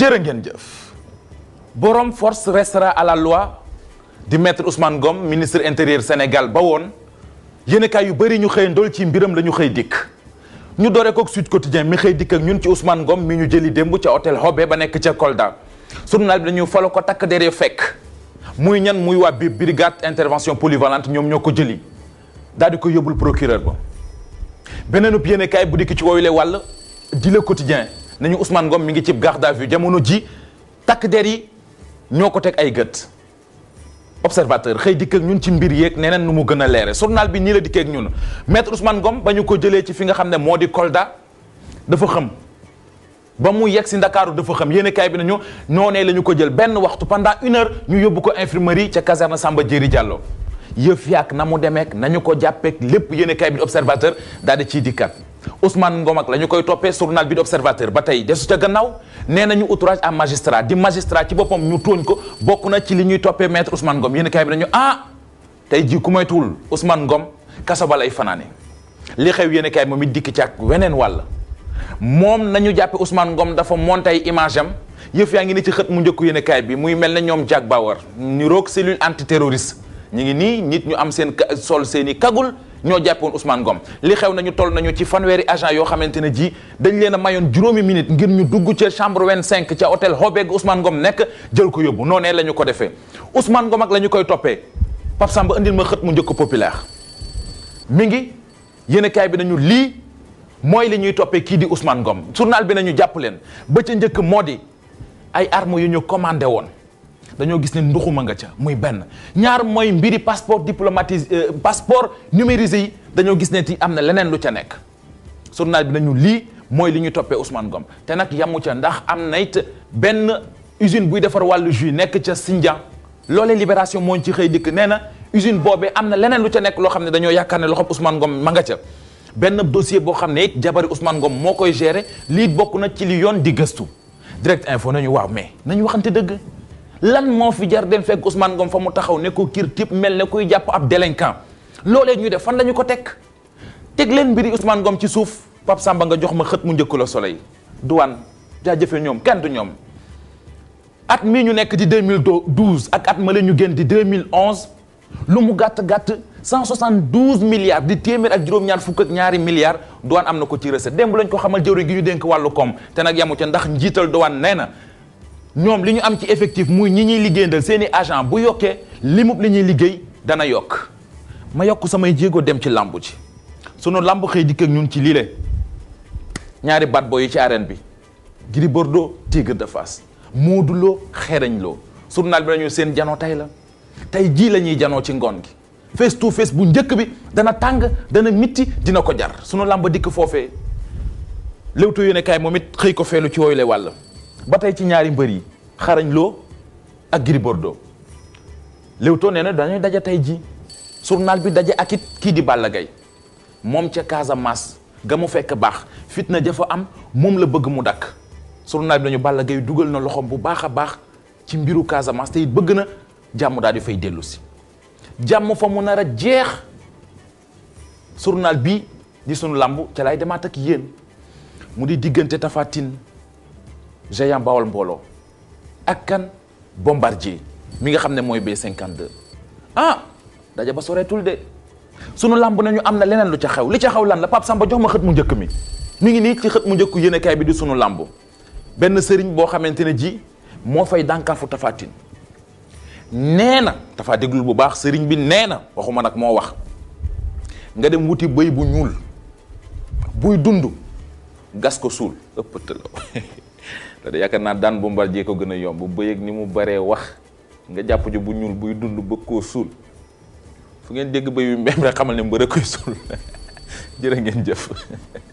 jërë ngeen jëf borom force restera à la loi di mettre Ousmane Ngom ministre intérieur Sénégal ba woon yéenekaay yu bëri ñu xëy ndool ci mbiram la ñu xëy dikk ñu doore kook Sud Quotidien mi xëy dikk ak ñun ci Ousmane Ngom mi ñu jëli démb ca hôtel Hobé ba nekk ca Kolda journal bi dañu falo ko takk der fekk muy ñan muy waa bi brigade intervention polyvalente ñoom ñoo ko jëli daal di ko yóbbul procureur ba beneenub yéenekaay bu dikk ci woowule wàll di Le Quotidien nañu Ousmane Ngom mi ngi ci garde à vue jamono ji takk der yi ñoo ko teg ay gët observateur xëy dikk ñun ci mbir yeeg neneen nu mu gën a leere journal bi nii la dikkee ak ñun maître Ousmane Ngom ba ñu ko jëlee ci fi nga xam ne moo di Kolda dafa xam ba mu yegg si Ndakaaru dafa xam yéen bi nañu noonee lañu ko jël benn waxtu pendant une ñu yóbbu ko infirmerie ca caserne Samba Diéry Diallo yëf yaak na mu demeek nañu ko jàppeek lépp yéen kaay bi di di ciy dikkat Ousmane Ngom ak lañu koy toppee journal bi di observateur ba tey desu ca gannaaw nee nañu outrage à magistrat di magistrat ci boppam ñu tooñ ko bokk na ci li ñuy toppee maître Ousmane Ngom yéen kay bi ah tey jii ku moytuwul Ousmane Ngom kaso ba lay fanaane li xew yéen kay moom it dikk ci ak weneen walla moom nañu jàppe Ousmane Ngom dafa monté ay image am yëf yaa ngi ni ci xët mu njëkku yéen kaay bi muy mel ne ñoom Jack bawar ñu roog cellule antiterroriste ñu ngi nii nit ñu am seen sol seen i kagul ñoo jàppoon Ousmane Ngom li xew nañu toll nañu ci fanweeri agent yoo xamante ne ji dañ leen a mayoon juróomi minute ngir ñu dugg ca chambre 25 ca hôtel Hobeg Ousmane Ngom nekk jël ko yóbbu noonee la ñu ko defee Ousmane Ngom ak la ñu koy toppee Pape Samba indil ma xët mu njëkk populaire mi ngi yéen bi nañu lii mooy li ñuy toppee kii di Ousmane Ngom journal bi nañu jàpp leen ba ca njëkk moo di ay armes yu ñu commandé woon dañoo gis ne ma nga ca muy benn ñaar mooy mbiri passeport diplomatique euh, passeport numérisé yi dañoo gis ne ti am na leneen lu ca nekk journal bi nañu lii mooy li ñu toppee Ousmane Ngom te nag yamu ca ndax am na it benn usine buy defar wàllu jus nekk ca Sindian loolee libération moo ci xëy dikk nee na usine boobee am na leneen lu ca nekk loo xam ne dañoo yaakaar ne loxoom Ousmane Ngom ma nga ca benn dossier boo xam ne it jabari Ousmane Ngom moo koy gérer lii bokk na ci li yoon di gëstu direct info nañu waaw mais nañu waxante dëgg lan moo fi jar dem fekk Ousmane Ngom fa mu taxaw ne ko kiir tip mel ne kuy jàpp ab délinquant loolee ñu def fan la ñu ko teg teg leen mbiri Ousmane Ngom ci suuf Pape Samba nga jox ma xët mu njëkk la Soleil duwaan jaajëfe ñoom kenn du ñoom at mii ñu nekk di 2012 ak at ma la ñu génn di 2011 lu mu gàtt gàtt 172 milliards di téeméer ak juróom-ñaar fukk ak ñaari milliards douane am na ko ci recette démb lañ ko xamal jëwriñ gi ñu dénk wàllu koom te nag yamu ca ndax njiital douane nee na ñoom li ñu am ci effectif muy ñi ñuy liggéeyandal seen i agent bu yokkee limub li ñuy liggéey dana yokk ma yokk samay jéego dem ci làmb ci sunu làmb xëy dikk ak ñun ci lii ñaari bat boy yi ci arène bi Gris Bordeaux Tigre de Fass loo journal bi lañu seen janoo tey la tey jii la ñuy janoo ci ngoon gi face to face bu njëkk bi dana tàng dana mitti dina ko jar sunu làmb dikk foofee Leewtoo yéene kaay moom it xëy ko feelu ci wooyu le wàll ba tey ci ñaari mbër yi xarañloo loo ak Gris Bordeaux Leewtoo nee na dañuy daja tey ji surnaal bi daje ak it kii di Balla Gaye moom ca Casamance ga mu fekk baax fitna jafa am moom la bëgg mu dakk journal bi nañu Balla Gaye dugal na loxoom bu baax a baax ci mbiru Casamance tey bëgg na jàmm daal di fay dellusi jàmm fa mu nar a jeex journal bi di sunu làmb ca lay demaat ak yéen mu di diggante Tapha géant bawal mbooloo ak kan bombardier mi nga xam ne mooy B52 ah daja ba soreetul de sunu làmb nañu am na leneen lu ca xew li ca xew lan la Pape Samba jox ma xët mu njëkk mi mu ngi nii ci xët mu njëkku yéenekaay bi di sunu làmb benn sëriñ boo xamante ne ji moo fay dànkaafu tafaatin nee na tafaa déglul bu baax sëriñ bi nee na waxuma nag moo wax nga dem wuti bëy bu ñuul buy dund gas ko suul te yaakaar naa daan Bombardier ko gën a yomb bëy ak ni mu baree wax nga jàpp ji bu ñuul buy dund bëgg koo suul fu ngeen dégg bëy yu mbem rek xamal ne mbër a koy suul jërë ngeen jëf